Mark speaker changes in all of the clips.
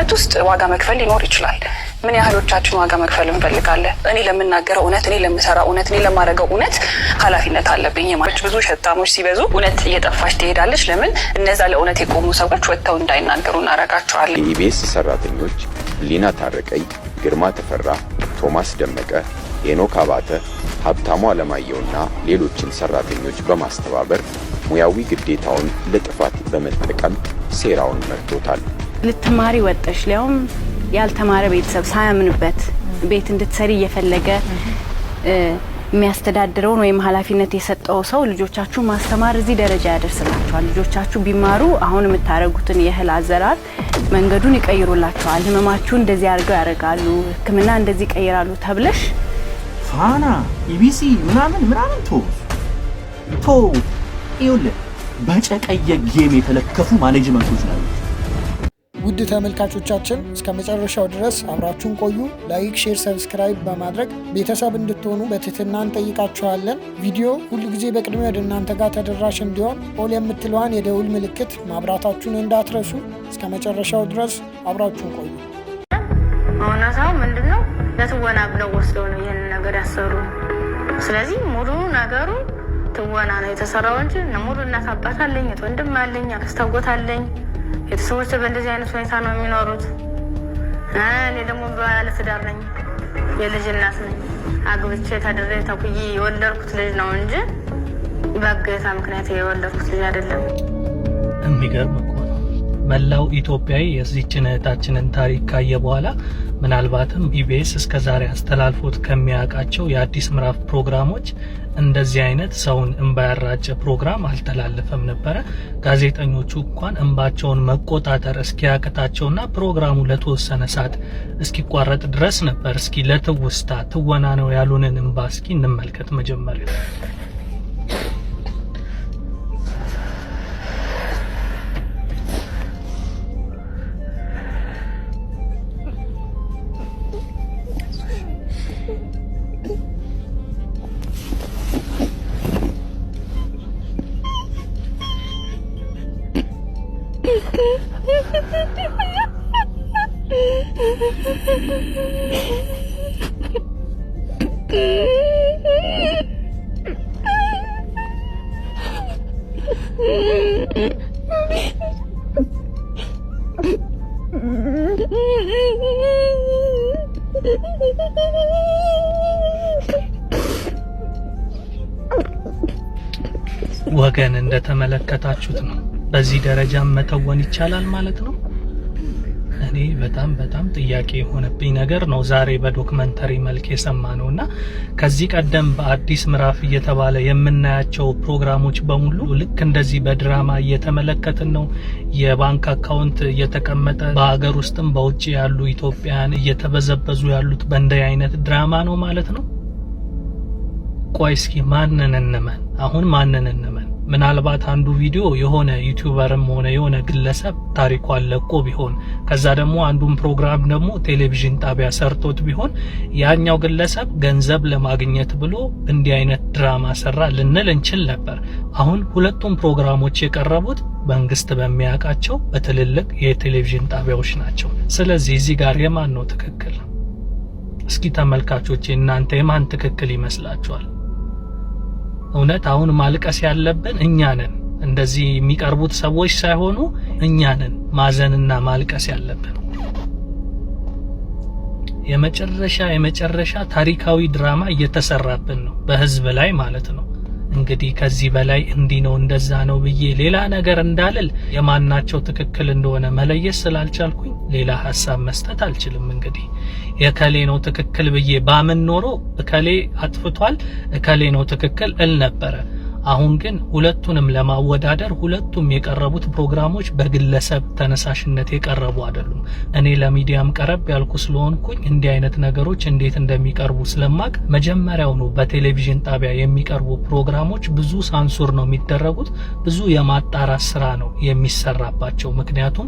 Speaker 1: በዓመት ውስጥ ዋጋ መክፈል ሊኖር ይችላል። ምን ያህሎቻችን ዋጋ መክፈል እንፈልጋለን? እኔ ለምናገረው እውነት፣ እኔ ለምሰራ እውነት፣ እኔ ለማድረገው እውነት ኃላፊነት አለብኝ ማለት ብዙ ሸጣሞች ሲበዙ እውነት እየጠፋች ትሄዳለች። ለምን እነዛ ለእውነት የቆሙ ሰዎች ወጥተው እንዳይናገሩ እናረጋቸዋለን።
Speaker 2: ኢቢኤስ ሰራተኞች ሊና ታረቀኝ፣ ግርማ ተፈራ፣ ቶማስ ደመቀ፣ ሄኖክ አባተ፣ ሀብታሙ አለማየሁና ሌሎችን ሰራተኞች በማስተባበር ሙያዊ ግዴታውን ለጥፋት በመጠቀም ሴራውን መርቶታል።
Speaker 3: ልትማሪ ወጠሽ ሊያውም ያልተማረ ቤተሰብ ሳያምንበት ቤት እንድትሰሪ እየፈለገ የሚያስተዳድረውን ወይም ኃላፊነት የሰጠው ሰው ልጆቻችሁ ማስተማር እዚህ ደረጃ ያደርስላቸዋል፣ ልጆቻችሁ ቢማሩ አሁን የምታደርጉትን የእህል አዘራር መንገዱን ይቀይሩላቸዋል፣ ህመማችሁ እንደዚህ አድርገው ያደርጋሉ፣ ህክምና እንደዚህ ይቀይራሉ ተብለሽ
Speaker 4: ፋና ኢቢሲ ምናምን ምናምን ቶ ቶ ይኸውልህ በጨቀየ ጌም የተለከፉ ማኔጅመንቶች ናቸው።
Speaker 5: ውድ ተመልካቾቻችን እስከ መጨረሻው ድረስ አብራችሁን ቆዩ። ላይክ፣ ሼር፣ ሰብስክራይብ በማድረግ ቤተሰብ እንድትሆኑ በትህትና እንጠይቃችኋለን። ቪዲዮ ሁል ጊዜ በቅድሚያ ወደ እናንተ ጋር ተደራሽ እንዲሆን ኦል የምትለዋን የደውል ምልክት ማብራታችሁን እንዳትረሱ። እስከ መጨረሻው ድረስ አብራችሁን ቆዩ።
Speaker 3: እውነታው ምንድን ነው? ለትወና ብለው ወስደው ነው ይህን ነገር ያሰሩ። ስለዚህ ሙሉ ነገሩ ትወና ነው የተሰራው እንጂ ሙሉ እናት አባት አለኝ፣ ወንድም አለኝ፣ አክስት አለኝ ቤተሰቦች በእንደዚህ አይነት ሁኔታ ነው የሚኖሩት። እኔ ደግሞ ባለ ነኝ፣ የልጅ እናት ነኝ። አግብቼ ተድሬ ተኩዬ የወለድኩት ልጅ ነው እንጂ በገታ ምክንያት የወለድኩት ልጅ አይደለም።
Speaker 6: የሚገርም መላው ኢትዮጵያዊ የዚችን እህታችንን ታሪክ ካየ በኋላ ምናልባትም ኢቢኤስ እስከዛሬ አስተላልፎት ከሚያውቃቸው የአዲስ ምዕራፍ ፕሮግራሞች እንደዚህ አይነት ሰውን እንባ ያራጨ ፕሮግራም አልተላለፈም ነበረ። ጋዜጠኞቹ እንኳን እንባቸውን መቆጣጠር እስኪያቅታቸውና ፕሮግራሙ ለተወሰነ ሰዓት እስኪቋረጥ ድረስ ነበር። እስኪ ለትውስታ ትወና ነው ያሉንን እንባ እስኪ እንመልከት መጀመሪያ ወገን እንደተመለከታችሁት ነው። በዚህ ደረጃ መተወን ይቻላል ማለት ነው። ለእኔ በጣም በጣም ጥያቄ የሆነብኝ ነገር ነው ዛሬ በዶክመንተሪ መልክ የሰማ ነው እና ከዚህ ቀደም በአዲስ ምዕራፍ እየተባለ የምናያቸው ፕሮግራሞች በሙሉ ልክ እንደዚህ በድራማ እየተመለከትን ነው። የባንክ አካውንት እየተቀመጠ በሀገር ውስጥም በውጭ ያሉ ኢትዮጵያን እየተበዘበዙ ያሉት በእንደዚህ አይነት ድራማ ነው ማለት ነው። ቆይ እስኪ ማንን እንመን? አሁን ማንን እንመን? ምናልባት አንዱ ቪዲዮ የሆነ ዩቲዩበርም ሆነ የሆነ ግለሰብ ታሪኳን ለቆ ቢሆን ከዛ ደግሞ አንዱን ፕሮግራም ደግሞ ቴሌቪዥን ጣቢያ ሰርቶት ቢሆን ያኛው ግለሰብ ገንዘብ ለማግኘት ብሎ እንዲህ አይነት ድራማ ሰራ ልንል እንችል ነበር። አሁን ሁለቱም ፕሮግራሞች የቀረቡት መንግስት በሚያውቃቸው በትልልቅ የቴሌቪዥን ጣቢያዎች ናቸው። ስለዚህ እዚህ ጋር የማን ነው ትክክል? እስኪ ተመልካቾች እናንተ የማን ትክክል ይመስላችኋል? እውነት አሁን ማልቀስ ያለብን እኛ ነን። እንደዚህ የሚቀርቡት ሰዎች ሳይሆኑ እኛ ነን ማዘንና ማልቀስ ያለብን። የመጨረሻ የመጨረሻ ታሪካዊ ድራማ እየተሰራብን ነው፣ በህዝብ ላይ ማለት ነው። እንግዲህ ከዚህ በላይ እንዲህ ነው እንደዛ ነው ብዬ ሌላ ነገር እንዳልል የማናቸው ትክክል እንደሆነ መለየት ስላልቻልኩኝ ሌላ ሀሳብ መስጠት አልችልም። እንግዲህ የከሌ ነው ትክክል ብዬ ባምን ኖሮ እከሌ አጥፍቷል፣ እከሌ ነው ትክክል እል ነበረ። አሁን ግን ሁለቱንም ለማወዳደር ሁለቱም የቀረቡት ፕሮግራሞች በግለሰብ ተነሳሽነት የቀረቡ አይደሉም። እኔ ለሚዲያም ቀረብ ያልኩ ስለሆንኩኝ እንዲህ አይነት ነገሮች እንዴት እንደሚቀርቡ ስለማቅ መጀመሪያውኑ በቴሌቪዥን ጣቢያ የሚቀርቡ ፕሮግራሞች ብዙ ሳንሱር ነው የሚደረጉት። ብዙ የማጣራት ስራ ነው የሚሰራባቸው። ምክንያቱም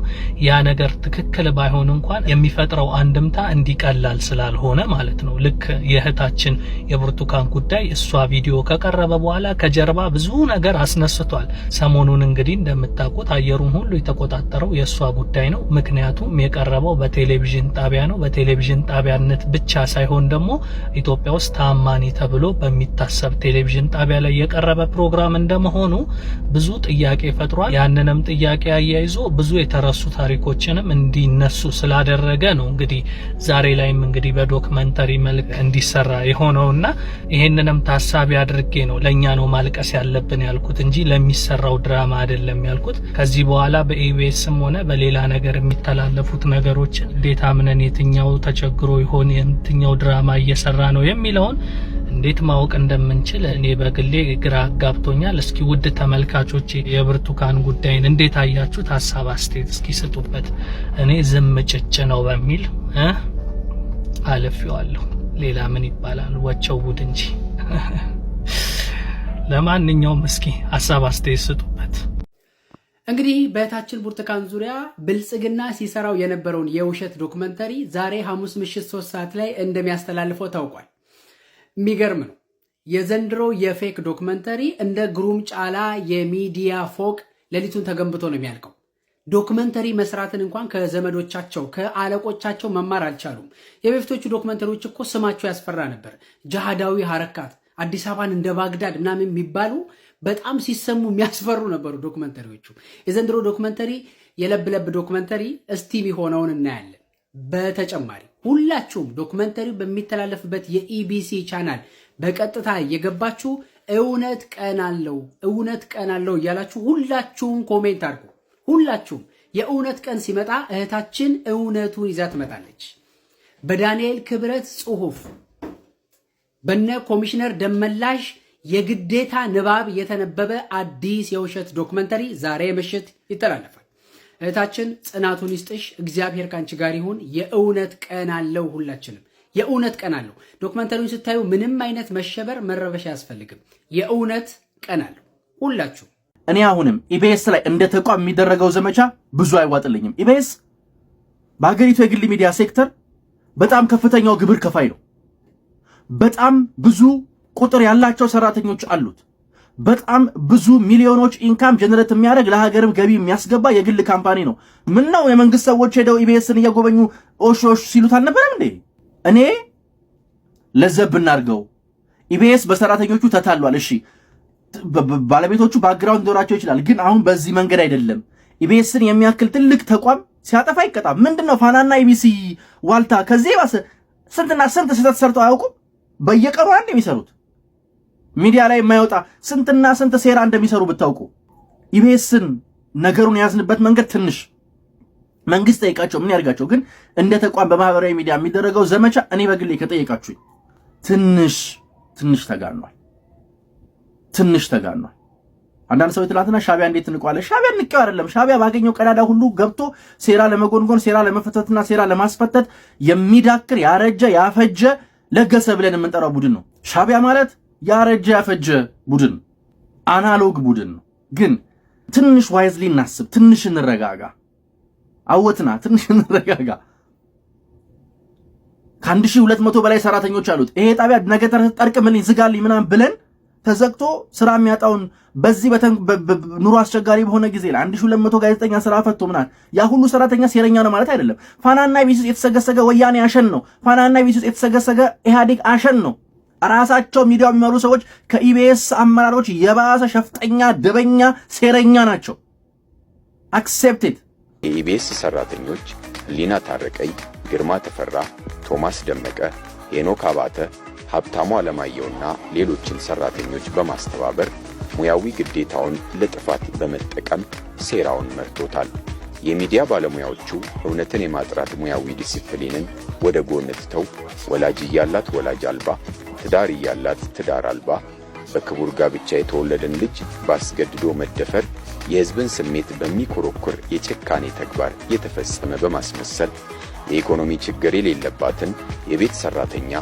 Speaker 6: ያ ነገር ትክክል ባይሆን እንኳን የሚፈጥረው አንድምታ እንዲቀላል ስላልሆነ ማለት ነው። ልክ የእህታችን የብርቱካን ጉዳይ እሷ ቪዲዮ ከቀረበ በኋላ ከጀርባ ብዙ ነገር አስነስቷል። ሰሞኑን እንግዲህ እንደምታውቁት አየሩን ሁሉ የተቆጣጠረው የእሷ ጉዳይ ነው። ምክንያቱም የቀረበው በቴሌቪዥን ጣቢያ ነው። በቴሌቪዥን ጣቢያነት ብቻ ሳይሆን ደግሞ ኢትዮጵያ ውስጥ ታማኒ ተብሎ በሚታሰብ ቴሌቪዥን ጣቢያ ላይ የቀረበ ፕሮግራም እንደመሆኑ ብዙ ጥያቄ ፈጥሯል። ያንንም ጥያቄ አያይዞ ብዙ የተረሱ ታሪኮችንም እንዲነሱ ስላደረገ ነው እንግዲህ ዛሬ ላይም እንግዲህ በዶክመንተሪ መልክ እንዲሰራ የሆነውና ይሄንንም ታሳቢ አድርጌ ነው ለእኛ ነው ማልቀስ ያለብን ያልኩት እንጂ ለሚሰራው ድራማ አይደለም ያልኩት። ከዚህ በኋላ በኢቢኤስም ሆነ በሌላ ነገር የሚተላለፉት ነገሮችን እንዴት አምነን የትኛው ተቸግሮ ይሆን የትኛው ድራማ እየሰራ ነው የሚለውን እንዴት ማወቅ እንደምንችል እኔ በግሌ ግራ አጋብቶኛል። እስኪ ውድ ተመልካቾች የብርቱካን ጉዳይን እንዴት አያችሁት? ሀሳብ አስቴት እስኪ ስጡበት። እኔ ዝም ጭጭ ነው በሚል አልፌዋለሁ። ሌላ ምን ይባላል? ወቸው ጉድ እንጂ ለማንኛውም እስኪ ሀሳብ አስተያየት ስጡበት።
Speaker 7: እንግዲህ በእህታችን ብርቱካን ዙሪያ ብልጽግና ሲሰራው የነበረውን የውሸት ዶክመንተሪ ዛሬ ሐሙስ ምሽት ሶስት ሰዓት ላይ እንደሚያስተላልፈው ታውቋል። የሚገርም ነው። የዘንድሮ የፌክ ዶክመንተሪ እንደ ግሩም ጫላ የሚዲያ ፎቅ ሌሊቱን ተገንብቶ ነው የሚያልቀው። ዶክመንተሪ መስራትን እንኳን ከዘመዶቻቸው ከአለቆቻቸው መማር አልቻሉም። የበፊቶቹ ዶክመንተሪዎች እኮ ስማቸው ያስፈራ ነበር። ጃሃዳዊ ሀረካት፣ አዲስ አበባን እንደ ባግዳድ ምናምን የሚባሉ በጣም ሲሰሙ የሚያስፈሩ ነበሩ ዶክመንተሪዎቹ። የዘንድሮ ዶክመንተሪ የለብለብ ዶክመንተሪ እስቲም የሆነውን እናያለን። በተጨማሪ ሁላችሁም ዶክመንተሪው በሚተላለፍበት የኢቢሲ ቻናል በቀጥታ እየገባችሁ እውነት ቀን አለው እውነት ቀን አለው እያላችሁ ሁላችሁም ኮሜንት አድርጉ። ሁላችሁም የእውነት ቀን ሲመጣ እህታችን እውነቱን ይዛ ትመጣለች። በዳንኤል ክብረት ጽሁፍ በነ ኮሚሽነር ደመላሽ የግዴታ ንባብ የተነበበ አዲስ የውሸት ዶክመንተሪ ዛሬ ምሽት ይተላለፋል። እህታችን ጽናቱን ይስጥሽ፣ እግዚአብሔር ካንቺ ጋር ይሁን። የእውነት ቀን አለው፣ ሁላችንም የእውነት ቀን አለው። ዶክመንተሪውን ስታዩ ምንም አይነት መሸበር፣ መረበሻ አያስፈልግም። የእውነት ቀን አለው ሁላችሁ።
Speaker 8: እኔ አሁንም ኢቢኤስ ላይ እንደ ተቋም የሚደረገው ዘመቻ ብዙ አይዋጥልኝም። ኢቢኤስ በሀገሪቱ የግል ሚዲያ ሴክተር በጣም ከፍተኛው ግብር ከፋይ ነው። በጣም ብዙ ቁጥር ያላቸው ሰራተኞች አሉት። በጣም ብዙ ሚሊዮኖች ኢንካም ጀነሬት የሚያደርግ ለሀገርም ገቢ የሚያስገባ የግል ካምፓኒ ነው። ምን ነው የመንግስት ሰዎች ሄደው ኢቢኤስን እየጎበኙ ኦሾሽ ሲሉት አልነበረም እንዴ? እኔ ለዘብ እናድርገው፣ ኢቢኤስ በሰራተኞቹ ተታሏል። እሺ ባለቤቶቹ ባክግራውንድ ሊኖራቸው ይችላል፣ ግን አሁን በዚህ መንገድ አይደለም። ኢቢኤስን የሚያክል ትልቅ ተቋም ሲያጠፋ ይቀጣ። ምንድን ነው ፋናና ኢቢሲ ዋልታ ከዚህ ባሰ ስንትና ስንት ስህተት ሰርተው አያውቁም? በየቀኑ አንድ የሚሰሩት ሚዲያ ላይ የማይወጣ ስንትና ስንት ሴራ እንደሚሰሩ ብታውቁ። ኢቢኤስን ነገሩን የያዝንበት መንገድ ትንሽ መንግስት ጠይቃቸው ምን ያርጋቸው ግን እንደ ተቋም በማህበራዊ ሚዲያ የሚደረገው ዘመቻ እኔ በግሌ ከጠየቃችሁኝ ትንሽ ትንሽ ተጋኗል፣ ትንሽ ተጋኗል። አንዳንድ ሰው ትናንትና ሻቢያ እንዴት እንቀዋለን? ሻቢያ እንቀው አይደለም። ሻቢያ ባገኘው ቀዳዳ ሁሉ ገብቶ ሴራ ለመጎንጎን ሴራ ለመፈተትና ሴራ ለማስፈተት የሚዳክር ያረጀ ያፈጀ ለገሰ ብለን የምንጠራው ቡድን ነው። ሻቢያ ማለት ያረጀ ያፈጀ ቡድን አናሎግ ቡድን ነው። ግን ትንሽ ዋይዝሊ እናስብ፣ ትንሽ እንረጋጋ። አወትና ትንሽ እንረጋጋ። ከአንድ ሺህ ሁለት መቶ በላይ ሰራተኞች አሉት ይሄ ጣቢያ ነገ ጠርቅምልኝ ዝጋልኝ ምናምን ብለን ተዘግቶ ስራ የሚያጣውን በዚህ ኑሮ አስቸጋሪ በሆነ ጊዜ ለአንድ ሺ ሁለት መቶ ጋዜጠኛ ስራ ፈቶ ምናል ያ ሁሉ ሰራተኛ ሴረኛ ነው ማለት አይደለም። ፋናና ቤት ውስጥ የተሰገሰገ ወያኔ አሸን ነው። ፋናና ቤት ውስጥ የተሰገሰገ ኢህአዴግ አሸን ነው። ራሳቸው ሚዲያው የሚመሩ ሰዎች ከኢቢኤስ አመራሮች የባሰ ሸፍጠኛ፣ ደበኛ፣ ሴረኛ ናቸው። አክሴፕትድ
Speaker 2: የኢቢኤስ ሰራተኞች ሊና ታረቀይ፣ ግርማ ተፈራ፣ ቶማስ ደመቀ፣ ሄኖክ አባተ ሀብታሙ ና ሌሎችን ሰራተኞች በማስተባበር ሙያዊ ግዴታውን ለጥፋት በመጠቀም ሴራውን መርቶታል። የሚዲያ ባለሙያዎቹ እውነትን የማጥራት ሙያዊ ዲሲፕሊንን ወደ ጎን ትተው ወላጅ እያላት ወላጅ አልባ፣ ትዳር እያላት ትዳር አልባ፣ በክቡር ጋብቻ የተወለደን ልጅ በአስገድዶ መደፈር የሕዝብን ስሜት በሚኮረኩር የጭካኔ ተግባር የተፈጸመ በማስመሰል የኢኮኖሚ ችግር የሌለባትን የቤት ሰራተኛ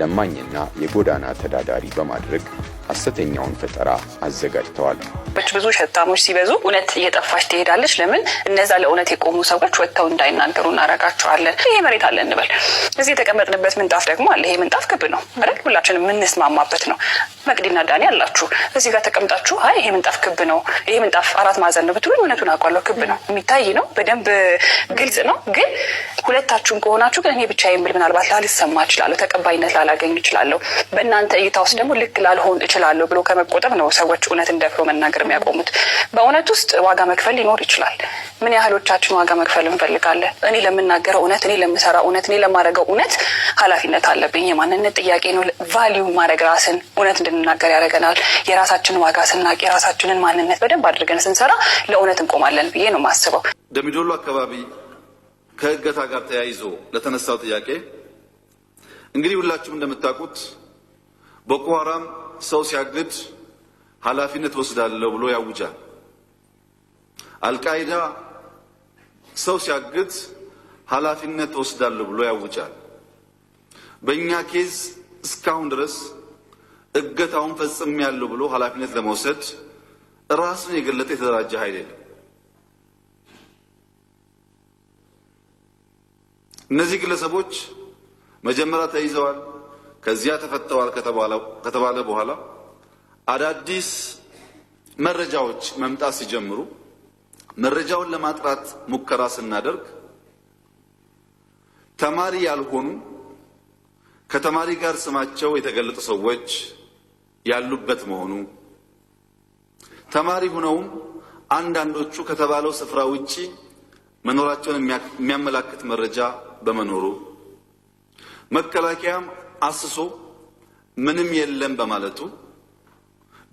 Speaker 2: ለማኝና የጎዳና ተዳዳሪ በማድረግ ሐሰተኛውን ፈጠራ አዘጋጅተዋል።
Speaker 1: ብዙ ሸታሞች ሲበዙ እውነት እየጠፋች ትሄዳለች። ለምን እነዛ ለእውነት የቆሙ ሰዎች ወጥተው እንዳይናገሩ እናረጋቸዋለን። ይሄ መሬት አለ እንበል፣ እዚህ የተቀመጥንበት ምንጣፍ ደግሞ አለ። ይሄ ምንጣፍ ክብ ነው አይደል? ሁላችን የምንስማማበት ነው። መቅዲና ዳኒ አላችሁ እዚህ ጋር ተቀምጣችሁ፣ አይ ይሄ ምንጣፍ ክብ ነው፣ ይሄ ምንጣፍ አራት ማዕዘን ነው ብትሉ እውነቱን አውቃለሁ። ክብ ነው፣ የሚታይ ነው፣ በደንብ ግልጽ ነው። ግን ሁለታችሁን ከሆናችሁ ግን እኔ ብቻ የምል ምናልባት ላልሰማ እችላለሁ፣ ተቀባይነት ላገኝ እችላለሁ፣ በእናንተ እይታ ውስጥ ደግሞ ልክ ላልሆን እችላለሁ ብሎ ከመቆጠብ ነው ሰዎች እውነትን ደፍሮ መናገር የሚያቆሙት። በእውነት ውስጥ ዋጋ መክፈል ሊኖር ይችላል። ምን ያህሎቻችን ዋጋ መክፈል እንፈልጋለን? እኔ ለምናገረው እውነት፣ እኔ ለምሰራ እውነት፣ እኔ ለማድረገው እውነት ኃላፊነት አለብኝ። የማንነት ጥያቄ ነው። ቫሊዩ ማድረግ ራስን እውነት እንድንናገር ያደርገናል። የራሳችንን ዋጋ ስናቅ፣ የራሳችንን ማንነት በደንብ አድርገን ስንሰራ ለእውነት እንቆማለን ብዬ ነው የማስበው።
Speaker 9: ደሚዶሎ አካባቢ ከእገታ ጋር ተያይዞ ለተነሳው ጥያቄ እንግዲህ ሁላችሁም እንደምታውቁት ቦኮ ሰው ሲያግድ ኃላፊነት ወስዳለሁ ብሎ ያውጃል። አልቃይዳ ሰው ሲያግድ ኃላፊነት ወስዳለሁ ብሎ ያውጃል። በእኛ ኬዝ እስካሁን ድረስ እገታውን ፈጽሜያለሁ ብሎ ኃላፊነት ለመውሰድ ራስን የገለጠ የተደራጀ ኃይል የለም። እነዚህ ግለሰቦች መጀመሪያ ተይዘዋል፣ ከዚያ ተፈተዋል ከተባለ በኋላ አዳዲስ መረጃዎች መምጣት ሲጀምሩ መረጃውን ለማጥራት ሙከራ ስናደርግ ተማሪ ያልሆኑ ከተማሪ ጋር ስማቸው የተገለጡ ሰዎች ያሉበት መሆኑ ተማሪ ሆነውም አንዳንዶቹ ከተባለው ስፍራ ውጪ መኖራቸውን የሚያመላክት መረጃ በመኖሩ መከላከያም አስሶ ምንም የለም በማለቱ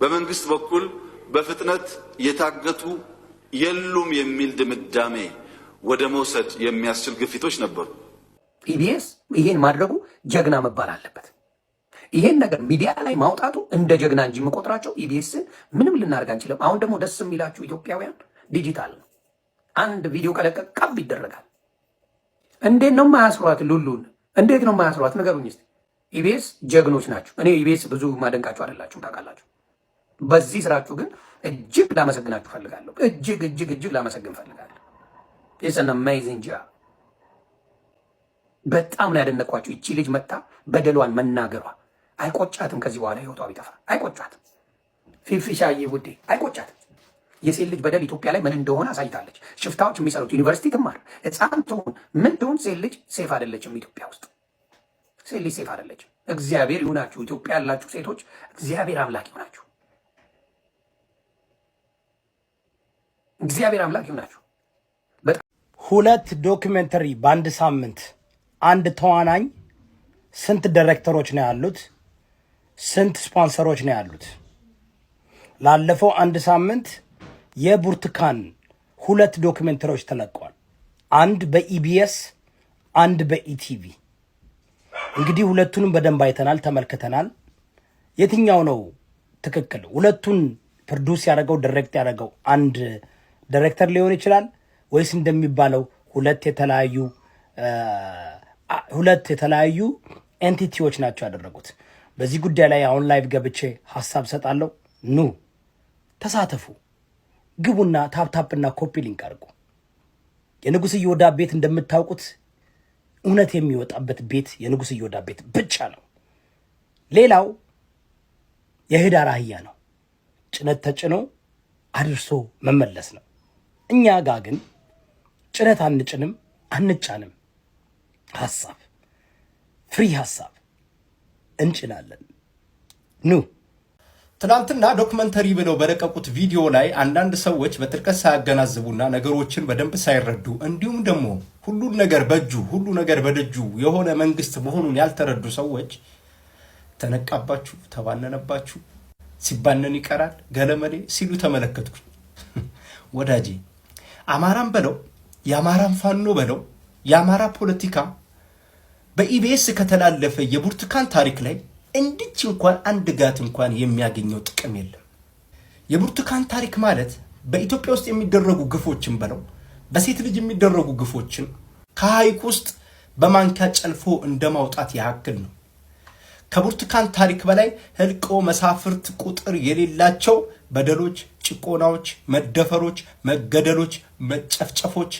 Speaker 9: በመንግስት በኩል በፍጥነት የታገቱ የሉም የሚል ድምዳሜ ወደ መውሰድ የሚያስችል ግፊቶች ነበሩ።
Speaker 8: ኢቢኤስ ይሄን ማድረጉ ጀግና መባል አለበት። ይሄን ነገር ሚዲያ ላይ ማውጣቱ እንደ ጀግና እንጂ የምቆጥራቸው ኢቢኤስን ምንም ልናደርግ አንችልም። አሁን ደግሞ ደስ የሚላችሁ ኢትዮጵያውያን ዲጂታል ነው። አንድ ቪዲዮ ከለቀቅ ቀብ ይደረጋል። እንዴት ነው ማያስሯት ሉሉን እንዴት ነው የማያስሯት? ንገሩኝ እስኪ። ኢቢኤስ ጀግኖች ናቸው። እኔ ኢቢኤስ ብዙ ማደንቃቸው አይደላችሁም፣ ታውቃላችሁ። በዚህ ስራችሁ ግን እጅግ ላመሰግናችሁ ፈልጋለሁ። እጅግ እጅግ እጅግ ላመሰግን ፈልጋለሁ። የጸና ማይዝንጃ በጣም ነው ያደነኳችሁ። እቺ ልጅ መጣ በደሏን መናገሯ አይቆጫትም። ከዚህ በኋላ ህይወቷ ቢጠፋ አይቆጫትም። ፊፊሻዬ ውዴ አይቆጫትም። የሴት ልጅ በደል ኢትዮጵያ ላይ ምን እንደሆነ አሳይታለች። ሽፍታዎች የሚሰሩት ዩኒቨርሲቲ ትማር፣ ህፃን ትሁን፣ ምን ትሁን፣ ሴት ልጅ ሴፍ አይደለችም። ኢትዮጵያ ውስጥ ሴት ልጅ ሴፍ አይደለችም። እግዚአብሔር ይሁናችሁ ኢትዮጵያ ያላችሁ ሴቶች፣ እግዚአብሔር አምላክ ይሁናችሁ። እግዚአብሔር አምላክ ይሁናችሁ። ሁለት ዶክመንተሪ በአንድ ሳምንት አንድ ተዋናኝ ስንት ዳይሬክተሮች ነው ያሉት? ስንት ስፖንሰሮች ነው ያሉት? ላለፈው አንድ ሳምንት የብርቱካን ሁለት ዶክመንተሪዎች ተለቀዋል። አንድ በኢቢኤስ አንድ በኢቲቪ። እንግዲህ ሁለቱንም በደንብ አይተናል፣ ተመልክተናል። የትኛው ነው ትክክል? ሁለቱን ፕሮዲውስ ያደረገው ዳይሬክት ያደረገው አንድ ዳይሬክተር ሊሆን ይችላል ወይስ እንደሚባለው ሁለት የተለያዩ ሁለት የተለያዩ ኤንቲቲዎች ናቸው ያደረጉት? በዚህ ጉዳይ ላይ አሁን ላይቭ ገብቼ ሀሳብ ሰጣለሁ። ኑ ተሳተፉ። ግቡና ታፕታፕና ኮፒ ሊንክ አድርጉ። የንጉሥ እየወዳ ቤት እንደምታውቁት እውነት የሚወጣበት ቤት የንጉሥ እየወዳ ቤት ብቻ ነው። ሌላው የህዳር አህያ ነው። ጭነት ተጭኖ አድርሶ መመለስ ነው። እኛ ጋ ግን ጭነት አንጭንም አንጫንም። ሀሳብ ፍሪ ሀሳብ እንጭናለን ኑ
Speaker 6: ትናንትና ዶክመንተሪ ብለው በለቀቁት ቪዲዮ ላይ አንዳንድ ሰዎች በጥልቀት ሳያገናዝቡና ነገሮችን በደንብ ሳይረዱ እንዲሁም ደግሞ ሁሉን ነገር በእጁ ሁሉ ነገር በደጁ የሆነ መንግስት መሆኑን ያልተረዱ ሰዎች ተነቃባችሁ፣ ተባነነባችሁ፣ ሲባነን ይቀራል ገለመሌ ሲሉ ተመለከትኩኝ። ወዳጄ አማራም በለው የአማራም ፋኖ በለው የአማራ ፖለቲካ በኢቢኤስ ከተላለፈ የብርቱካን ታሪክ ላይ እንድች እንኳን አንድ ጋት እንኳን የሚያገኘው ጥቅም የለም። የብርቱካን ታሪክ ማለት በኢትዮጵያ ውስጥ የሚደረጉ ግፎችን በለው በሴት ልጅ የሚደረጉ ግፎችን ከሐይቅ ውስጥ በማንኪያ ጨልፎ እንደ ማውጣት ያክል ነው። ከብርቱካን ታሪክ በላይ ህልቆ መሳፍርት ቁጥር የሌላቸው በደሎች፣ ጭቆናዎች፣ መደፈሮች፣ መገደሎች፣ መጨፍጨፎች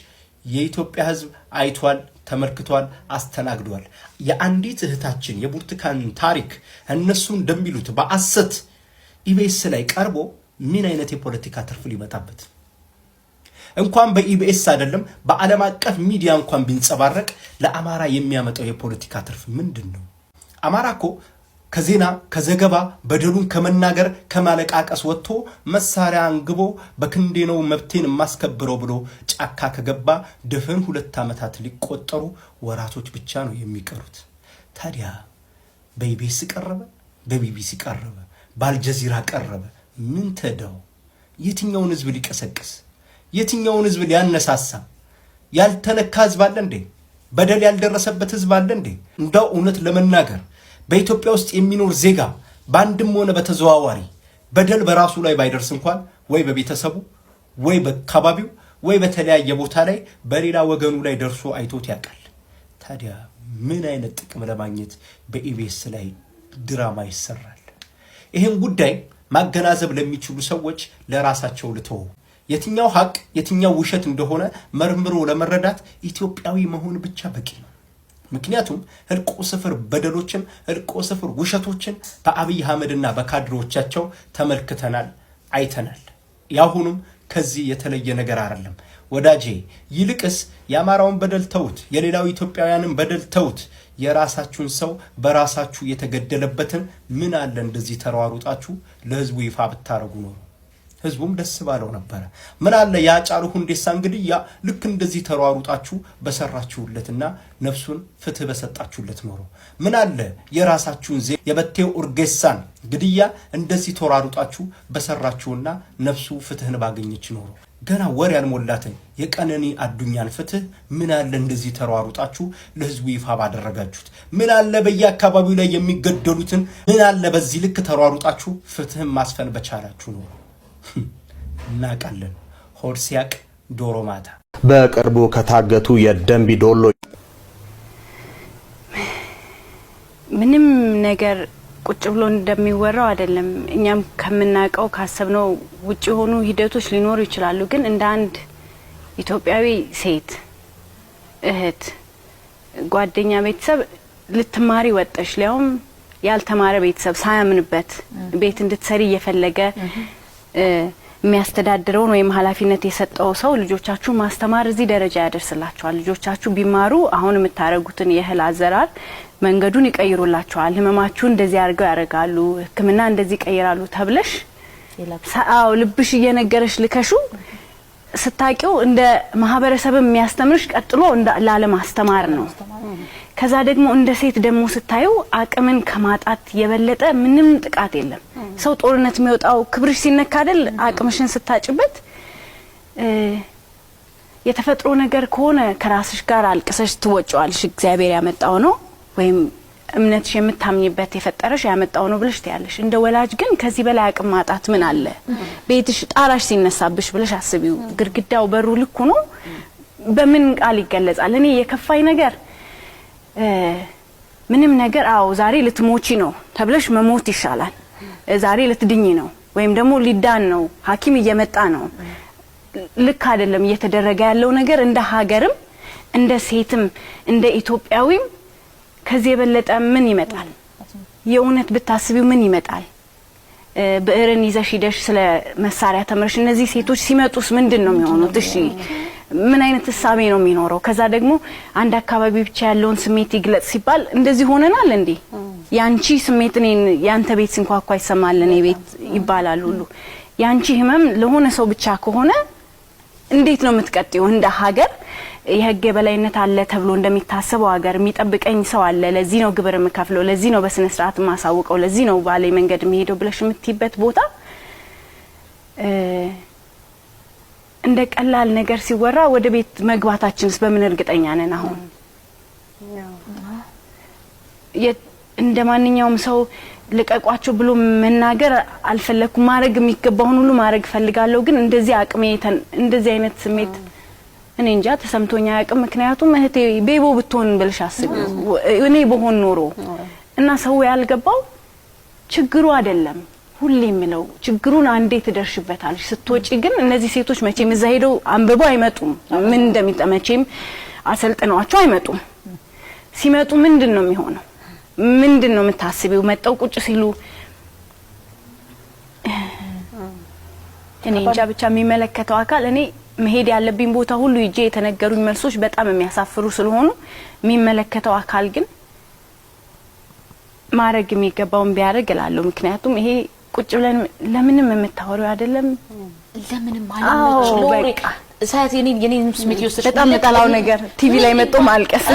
Speaker 6: የኢትዮጵያ ሕዝብ አይቷል፣ ተመልክቷል፣ አስተናግዷል። የአንዲት እህታችን የብርቱካን ታሪክ እነሱ እንደሚሉት በአሰት ኢቢኤስ ላይ ቀርቦ ምን አይነት የፖለቲካ ትርፍ ሊመጣበት እንኳን በኢቢኤስ አይደለም በዓለም አቀፍ ሚዲያ እንኳን ቢንጸባረቅ ለአማራ የሚያመጣው የፖለቲካ ትርፍ ምንድን ነው? አማራ እኮ ከዜና ከዘገባ በደሉን ከመናገር ከማለቃቀስ ወጥቶ መሳሪያ አንግቦ በክንዴ ነው መብቴን የማስከብረው ብሎ ጫካ ከገባ ድፍን ሁለት ዓመታት ሊቆጠሩ ወራቶች ብቻ ነው የሚቀሩት። ታዲያ በኢቢኤስ ቀረበ፣ በቢቢሲ ቀረበ፣ በአልጀዚራ ቀረበ። ምን ተደው? የትኛውን ህዝብ ሊቀሰቅስ የትኛውን ህዝብ ሊያነሳሳ? ያልተነካ ህዝብ አለ እንዴ? በደል ያልደረሰበት ህዝብ አለ እንዴ? እንደው እውነት ለመናገር በኢትዮጵያ ውስጥ የሚኖር ዜጋ በአንድም ሆነ በተዘዋዋሪ በደል በራሱ ላይ ባይደርስ እንኳን ወይ በቤተሰቡ ወይ በአካባቢው ወይ በተለያየ ቦታ ላይ በሌላ ወገኑ ላይ ደርሶ አይቶት ያውቃል። ታዲያ ምን አይነት ጥቅም ለማግኘት በኢቢኤስ ላይ ድራማ ይሰራል? ይህን ጉዳይ ማገናዘብ ለሚችሉ ሰዎች ለራሳቸው ልተው። የትኛው ሀቅ የትኛው ውሸት እንደሆነ መርምሮ ለመረዳት ኢትዮጵያዊ መሆን ብቻ በቂ ነው። ምክንያቱም ህልቆ ስፍር በደሎችን ህልቆ ስፍር ውሸቶችን በአብይ አህመድና በካድሮቻቸው ተመልክተናል፣ አይተናል። የአሁኑም ከዚህ የተለየ ነገር አይደለም ወዳጄ። ይልቅስ የአማራውን በደል ተውት፣ የሌላው ኢትዮጵያውያንን በደል ተውት። የራሳችሁን ሰው በራሳችሁ የተገደለበትን ምን አለ እንደዚህ ተሯሩጣችሁ ለህዝቡ ይፋ ብታደርጉ ኖሩ። ህዝቡም ደስ ባለው ነበረ። ምን አለ ያ ሁንዴሳ እንግዲህ ያ ልክ እንደዚህ ተሯሩጣችሁ በሰራችሁለትና ነፍሱን ፍትህ በሰጣችሁለት ኖሮ ምን አለ የራሳችሁን ዜ የበቴው ኡርጌሳን ግድያ እንደዚህ ተሯሩጣችሁ በሰራችሁና ነፍሱ ፍትህን ባገኘች ኖሮ ገና ወር ያልሞላትን የቀነኒ አዱኛን ፍትህ ምን አለ እንደዚህ ተሯሩጣችሁ ለህዝቡ ይፋ ባደረጋችሁት፣ ምን አለ በየአካባቢው ላይ የሚገደሉትን ምን አለ በዚህ ልክ ተሯሩጣችሁ ፍትህን ማስፈን በቻላችሁ ኖሮ እናቃለን። ሆድ ሲያቅ ዶሮ ማታ።
Speaker 2: በቅርቡ ከታገቱ የደንቢ ዶሎ
Speaker 3: ምንም ነገር ቁጭ ብሎ እንደሚወራው አይደለም። እኛም ከምናውቀው ካሰብነው ውጭ የሆኑ ሂደቶች ሊኖሩ ይችላሉ። ግን እንደ አንድ ኢትዮጵያዊ ሴት እህት፣ ጓደኛ፣ ቤተሰብ ልትማሪ ወጠሽ ሊያውም ያልተማረ ቤተሰብ ሳያምንበት ቤት እንድትሰሪ እየፈለገ የሚያስተዳድረውን ወይም ኃላፊነት የሰጠው ሰው ልጆቻችሁ ማስተማር እዚህ ደረጃ ያደርስላቸዋል፣ ልጆቻችሁ ቢማሩ አሁን የምታደርጉትን የእህል አዘራር መንገዱን ይቀይሩላቸዋል፣ ህመማችሁን እንደዚህ አድርገው ያደርጋሉ፣ ህክምና እንደዚህ ይቀይራሉ ተብለሽ አዎ ልብሽ እየነገረሽ ልከሹ ስታቂው እንደ ማህበረሰብ የሚያስተምርሽ ቀጥሎ ላለማስተማር ነው። ከዛ ደግሞ እንደ ሴት ደግሞ ስታዩ አቅምን ከማጣት የበለጠ ምንም ጥቃት የለም። ሰው ጦርነት የሚወጣው ክብርሽ ሲነካ አይደል? አቅምሽን ስታጭበት የተፈጥሮ ነገር ከሆነ ከራስሽ ጋር አልቅሰሽ ትወጪዋለሽ። እግዚአብሔር ያመጣው ነው ወይም እምነትሽ የምታምኝበት የፈጠረሽ ያመጣው ነው ብለሽ ትያለሽ። እንደ ወላጅ ግን ከዚህ በላይ አቅም ማጣት ምን አለ? ቤትሽ ጣራሽ ሲነሳብሽ ብለሽ አስቢው። ግድግዳው በሩ ልኩ ነው። በምን ቃል ይገለጻል? እኔ የከፋኝ ነገር ምንም ነገር አዎ ዛሬ ልትሞቺ ነው ተብለሽ መሞት ይሻላል። ዛሬ ልትድኝ ነው ወይም ደግሞ ሊዳን ነው ሐኪም እየመጣ ነው። ልክ አይደለም እየተደረገ ያለው ነገር እንደ ሀገርም እንደ ሴትም እንደ ኢትዮጵያዊም ከዚህ የበለጠ ምን ይመጣል? የእውነት ብታስቢው ምን ይመጣል? ብዕርን ይዘሽ ሂደሽ ስለ መሳሪያ ተምረሽ እነዚህ ሴቶች ሲመጡስ ምንድን ነው የሚሆኑት? እሺ ምን አይነት እሳቤ ነው የሚኖረው? ከዛ ደግሞ አንድ አካባቢ ብቻ ያለውን ስሜት ይግለጽ ሲባል እንደዚህ ሆነናል እንዴ? ያንቺ ስሜት እኔን ያንተ ቤት ሲንኳኳ ይሰማል እኔ ቤት ይባላል ሁሉ። ያንቺ ህመም ለሆነ ሰው ብቻ ከሆነ እንዴት ነው የምትቀጥየው? እንደ ሀገር የህግ የበላይነት አለ ተብሎ እንደሚታሰበው ሀገር የሚጠብቀኝ ሰው አለ። ለዚህ ነው ግብር የምከፍለው፣ ለዚህ ነው በስነ ስርዓት የማሳውቀው፣ ለዚህ ነው ባለ መንገድ የሚሄደው ብለሽ የምትይበት ቦታ እንደ ቀላል ነገር ሲወራ ወደ ቤት መግባታችንስ በምን እርግጠኛ ነን? አሁን እንደ ማንኛውም ሰው ልቀቋቸው ብሎ መናገር አልፈለኩም። ማድረግ የሚገባውን ሁሉ ማድረግ ፈልጋለሁ ግን እንደዚህ አቅሜ እንደዚህ አይነት ስሜት እኔ እንጃ ተሰምቶኛ አቅም ምክንያቱም እህቴ ቤቦ ብትሆን ብልሽ አስቢ። እኔ በሆን ኖሮ እና ሰው ያልገባው ችግሩ አይደለም ሁሌ የምለው ችግሩን አንዴ ትደርሽበታለሽ። ስትወጪ ግን እነዚህ ሴቶች መቼም እዛ ሄደው አንብበው አይመጡም። ምን እንደሚጠ መቼም አሰልጥነዋቸው አይመጡም። ሲመጡ ምንድን ነው የሚሆነው? ምንድን ነው የምታስቢው? መጠው ቁጭ ሲሉ እኔ እንጃ ብቻ የሚመለከተው አካል እኔ መሄድ ያለብኝ ቦታ ሁሉ ይዤ የተነገሩኝ መልሶች በጣም የሚያሳፍሩ ስለሆኑ የሚመለከተው አካል ግን ማድረግ የሚገባውን ቢያደርግ እላለሁ። ምክንያቱም ይሄ ቁጭ ብለን ለምንም የምታወሪው አይደለም። ለምንም ማለት ሳያት የኔን ስሜት የወሰድሽ በጣም የምጠላው ነገር ቲቪ ላይ መጥቶ ማልቀስ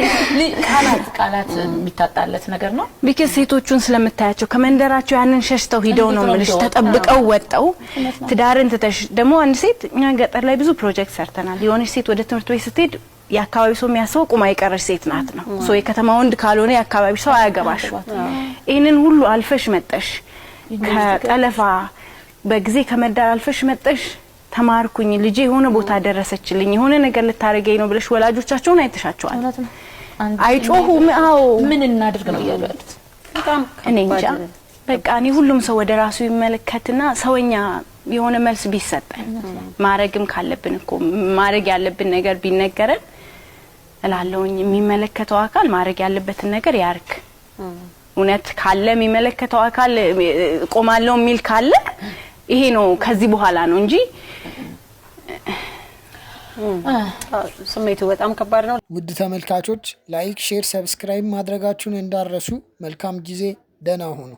Speaker 3: ቃላት ቃላት የሚታጣለት ነገር ነው። ቢከስ ሴቶቹን ስለምታያቸው ከመንደራቸው ያንን ሸሽተው ሂደው ነው የምልሽ፣ ተጠብቀው ወጠው ትዳርን ትተሽ ደግሞ አንድ ሴት እኛ ገጠር ላይ ብዙ ፕሮጀክት ሰርተናል። የሆነች ሴት ወደ ትምህርት ቤት ስትሄድ የአካባቢ ሰው የሚያስበው ቁማ የቀረች ሴት ናት ነው። የከተማ ወንድ ካልሆነ የአካባቢ ሰው አያገባሽ። ይህንን ሁሉ አልፈሽ መጠሽ ከጠለፋ በጊዜ አልፈሽ መጠሽ ተማርኩኝ ልጄ የሆነ ቦታ ደረሰችልኝ የሆነ ነገር ልታደርገኝ ነው ብለሽ ወላጆቻቸውን አይተሻቸዋል። አይጮሁም። አዎ ምን እናድርግ ነው እያሉ ያሉት። እኔ እንጃ በቃ እኔ ሁሉም ሰው ወደ ራሱ ይመለከትና ሰውኛ የሆነ መልስ ቢሰጠን ማረግም ካለብን እኮ ማድረግ ያለብን ነገር ቢነገረን እላለውኝ የሚመለከተው አካል ማድረግ ያለበትን ነገር ያርክ እውነት ካለ የሚመለከተው አካል ቆማለው የሚል ካለ ይሄ ነው ከዚህ በኋላ ነው እንጂ ስሜቱ በጣም ከባድ ነው።
Speaker 5: ውድ ተመልካቾች ላይክ፣ ሼር፣ ሰብስክራይብ ማድረጋችሁን እንዳረሱ። መልካም ጊዜ፣ ደህና ሁኑ።